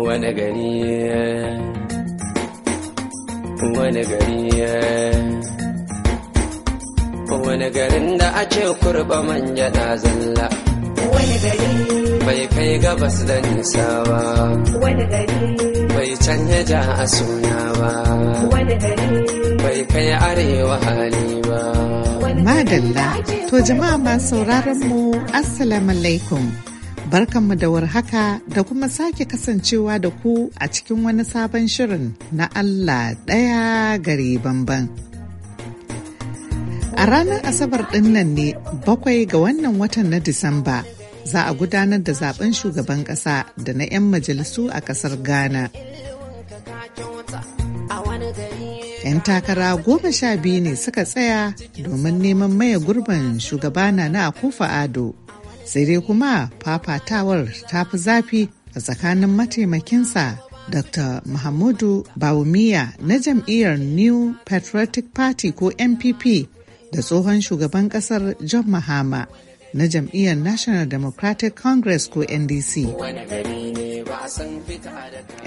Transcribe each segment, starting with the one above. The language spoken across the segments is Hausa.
wani gari wani gari wani garin da a ce kurba manja na zalla wani gari bai kai gabas da nisa ba wani gari bai canja ja a suna ba wani gari bai kai arewa hali ba madalla to jama'a masu sauraron mu assalamu alaikum Barkanmu da warhaka da kuma sake kasancewa da ku a cikin wani sabon shirin na Allah ɗaya gari bamban. A ranar Asabar ɗin ne bakwai ga wannan watan na Disamba za a gudanar da zaben shugaban ƙasa da na 'yan majalisu a ƙasar Ghana. 'Yan takara goma sha biyu ne suka tsaya domin neman maye gurbin shugabana na Akufa Ado. sai dai kuma fafatawar ta fi zafi a tsakanin mataimakinsa Dr. Mahamudu Bawumiya na jam'iyyar New Patriotic Party ko NPP da tsohon shugaban kasar John Mahama na jam'iyyar National Democratic Congress ko NDC.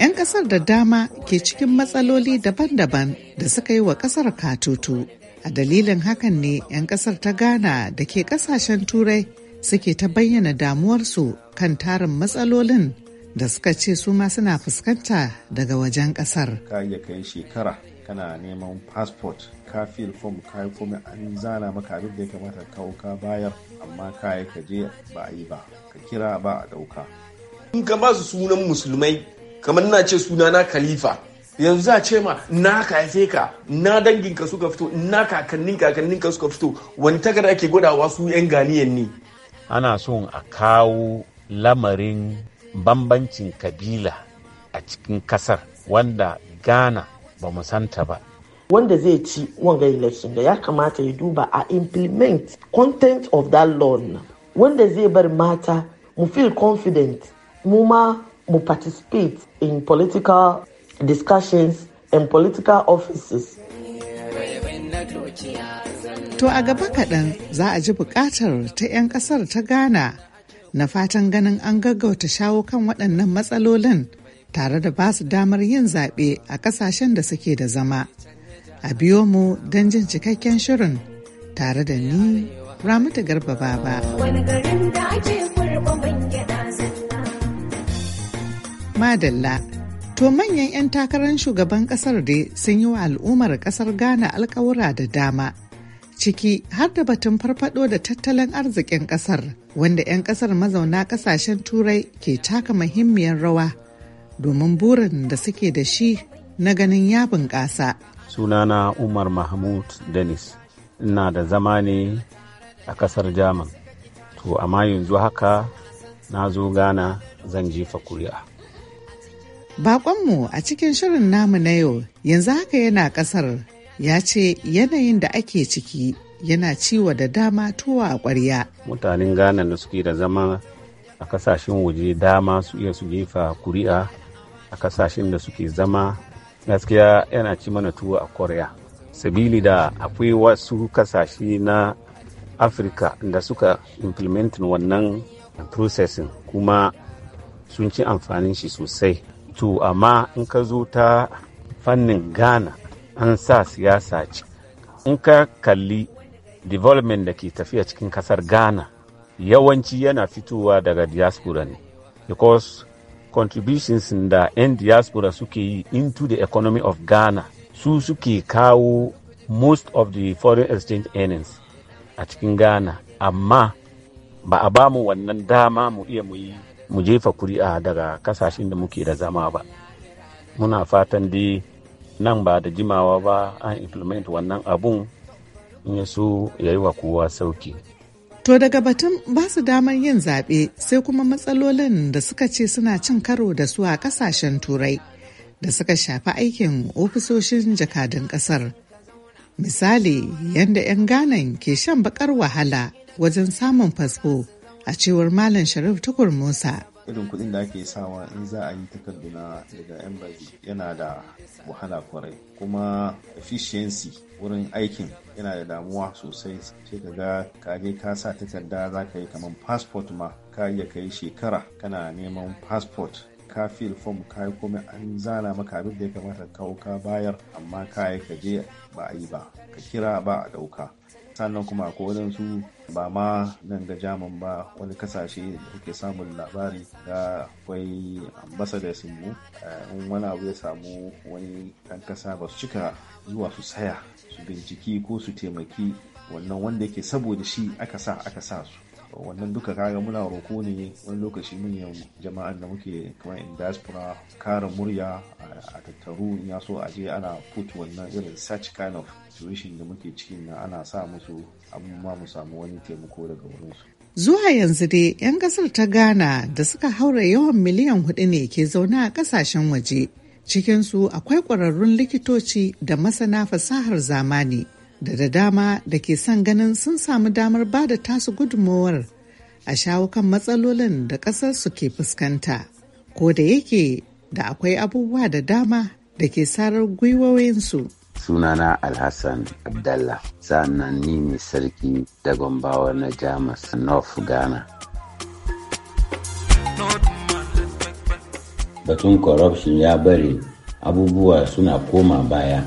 'Yan kasar da dama ke cikin matsaloli daban-daban da suka yi wa kasar katutu. A dalilin hakan ne 'yan kasar ta Ghana da ke kasashen Turai suke ta bayyana damuwarsu kan tarin matsalolin da suka ce su ma suna fuskanta daga wajen kasar. Ka iya kai shekara kana neman passport ka fil form ka yi komai an zana maka abin da ya kamata kawo ka bayar amma ka yi ka je ba a yi ba ka kira ba a ɗauka. In ka ba su sunan musulmai kamar na ce suna na khalifa yanzu za a ce ma na haife ka na danginka suka fito na kakannin kakannin ka suka fito wani takarda ake gwadawa su 'yan ganiyan ne. ana so a kawo lamarin bambancin kabila a cikin kasar wanda ghana ba mu santa ba wanda zai ci wanga election da ya kamata ya duba a implement content of that law wanda zai bar mata mu feel confident mu ma mu participate in political discussions and political offices. To a gaba kaɗan za a ji buƙatar ta 'yan ƙasar ta Ghana na fatan ganin an gaggauta shawo kan waɗannan matsalolin tare da ba su damar yin zaɓe a ƙasashen da suke da zama. A biyo mu don jin cikakken shirin tare da ni da Garba Baba. Wani Madalla. To manyan 'yan takarar shugaban ƙasar dai sun yi wa al'ummar ƙasar Ghana alkawura da dama ciki har da batun farfado da tattalin arzikin kasar wanda 'yan kasar mazauna kasashen turai ke taka muhimmiyar rawa domin burin da suke da shi na ganin ya bunƙasa. sunana umar mahmud denis ina da zama ne a kasar jaman to amma yanzu haka na zo gana zan jefa kuri'a baƙonmu a cikin shirin namu na yau yanzu haka yana ƙasar. ya ce yanayin da ake ciki yana ciwo da dama tuwa a ƙwarya. Mutanen Ghana da suke da zama a kasashen waje dama su iya su jefa kuri'a a kasashen da suke zama gaskiya yana ci mana tuwo a ƙwarya. Sabili da akwai wasu kasashe na Afirka da suka implementin wannan processing kuma sun ci amfanin shi sosai. To amma in ka zo ta fannin Ghana an sa siyasa ci in ka kalli development da ke tafiya cikin kasar ghana yawanci yana fitowa daga diaspora ne because contributions da 'yan diaspora suke yi into the economy of ghana su suke kawo most of the foreign exchange earnings a cikin ghana amma ba a bamu wannan dama mu iya mu yi mu jefa kuri'a daga kasashen da muke da zama ba muna fatan dai nan ba da jimawa ba an implement wannan abun in ya so ya yi wa kowa sauki. To daga batun ba su damar yin zaɓe sai kuma matsalolin da suka ce suna cin karo da su a ƙasashen turai da suka shafi aikin ofisoshin jakadun ƙasar. Misali yadda 'yan Ganan ke shan bakar wahala wajen samun fasfo a cewar Malam Sharif Tukur Musa. irin kudin da ake sawa in za a yi takarduna daga embassy yana da wahala kwarai kuma efficiency wurin aikin yana da damuwa sosai sai ka ga kaje ka sa takarda za ka yi kamar passport ma ka iya ka yi shekara kana neman passport ka fil form ka yi komai an zana maka abin da ya kamata kawo ka bayar amma ka yi ka je ba a yi ba ka kira ba a ɗauka sannan kuma akwai su ba ma nan ga jaman ba wani kasashe da kuke samun labari da akwai ambassadors mu eh, in wani abu ya samu wani ɗan ƙasa ba su cika zuwa su saya su binciki ko su taimaki wannan wanda yake saboda shi aka sa aka sa su wannan duka kaga muna roko ne wani lokaci manyan jama'an da muke kamar in diaspora kare murya a tattaru in ya so a je ana put wannan irin such kind of situation da muke cikin na ana sa musu abin mu samu wani taimako daga wurinsu Zuwa yanzu dai 'yan kasar ta Ghana da suka haura yawan miliyan hudu ne ke zauna a kasashen waje. Cikinsu akwai ƙwararrun likitoci da masana fasahar zamani da da dama da ke son ganin sun samu damar ba da tasu gudunmowar a shawo kan matsalolin da ƙasarsu ke fuskanta ko da yake da akwai abubuwa da dama da ke sarar gwiwoyinsu. sunana alhassan abdallah sannan ni ne sarki da gombawa na jamus north ghana batun corruption ya bari abubuwa suna koma baya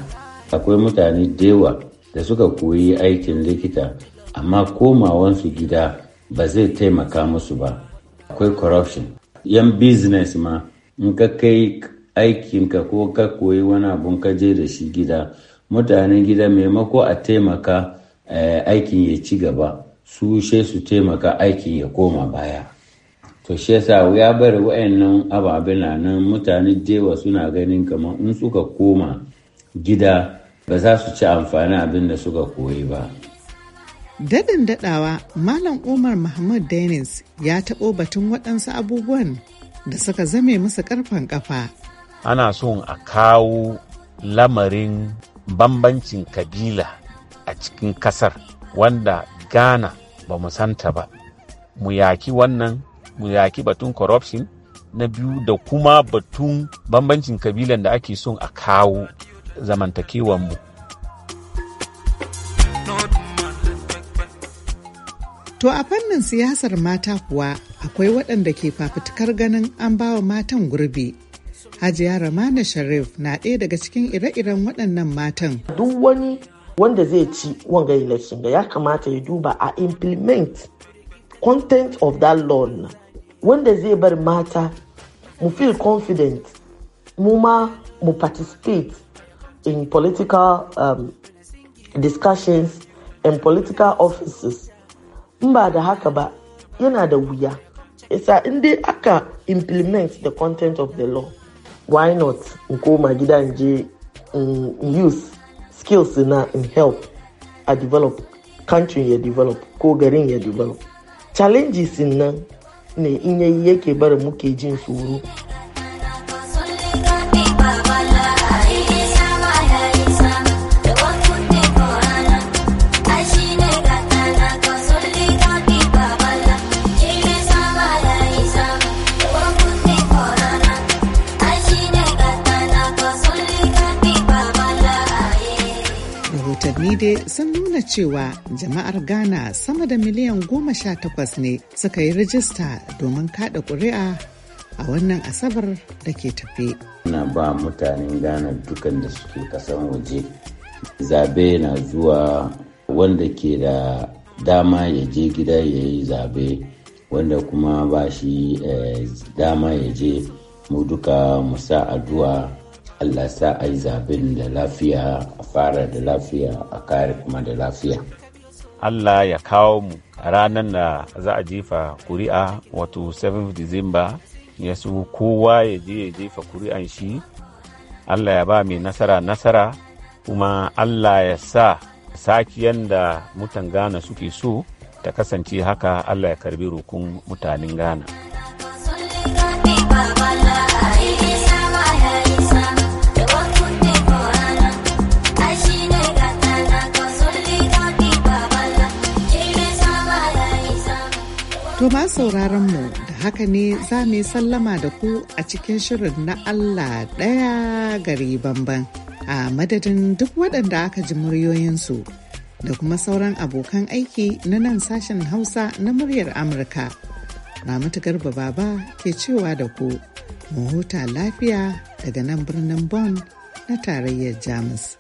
akwai mutane dewa da suka koyi aikin likita amma komawansu gida ba zai taimaka musu ba akwai corruption yan business ma in ka kai aikin ka ko ka koyi wani abun ka je da shi gida mutanen gida maimako a taimaka eh, aikin ya ci gaba su she su taimaka aikin ya koma baya to shi yasa ya bar wa'annan ababen nan mutane dewa suna ganin kamar in suka koma gida ba za su ci amfani abin da suka koyi ba. Dadin dadawa Malam Umar Muhammad Dennis ya taɓo batun waɗansu abubuwan da suka zame musu ƙarfen ƙafa. Ana son a kawo lamarin bambancin kabila a cikin kasar wanda Ghana ba mu santa ba. Mu yaki wannan, mu yaki batun corruption na biyu da kuma batun bambancin kabilan da ake son a kawo. zamantakewar mu To a fannin siyasar mata kuwa akwai waɗanda ke fafutukar ganin an bawa matan gurbi. Hajiya Ramana Sharif na ɗaya daga cikin ire-iren waɗannan matan. Duk wani wanda zai ci wanga election da ya kamata ya duba a implement content of that law wanda zai bar mata mu feel confident mu ma mu participate in political um, discussions and political offices in ba da haka ba yana da wuya isa in dai aka implement the content of the law why not in koma gida mm, use skills na in help a develop country ya develop ko garin ya develop challenges nan ne in yayi yake bari muke jin tsoro. ni dai sun nuna cewa jama'ar ghana sama da miliyan goma sha takwas ne suka yi rajista domin kada kuri'a a wannan asabar da ke tafe. na ba mutanen ghana dukan da suke kasan waje zabe na zuwa wanda ke da dama ya je gida ya yi zabe wanda kuma ba shi eh, dama ya je mu duka mu sa addu'a Allah sa a yi zaben da lafiya a fara da lafiya a kare kuma da lafiya. Allah ya kawo mu a ranar da za a jefa kuri'a wato 7 Disamba ya su kowa ya je ya jefa kuri'an shi Allah ya ba mai nasara nasara kuma Allah ya sa sakiyan da mutan Ghana suke so ta kasance haka Allah ya karbi rokun mutanen Ghana. Ma sauraron mu da haka ne za mu yi sallama da ku a cikin shirin na Allah ɗaya gari bamban a madadin duk waɗanda aka ji muryoyinsu da kuma sauran abokan aiki na nan sashen Hausa na muryar Amurka. na Garba Baba ke cewa da ku, mu huta lafiya daga nan birnin Bonn na tarayyar Jamus.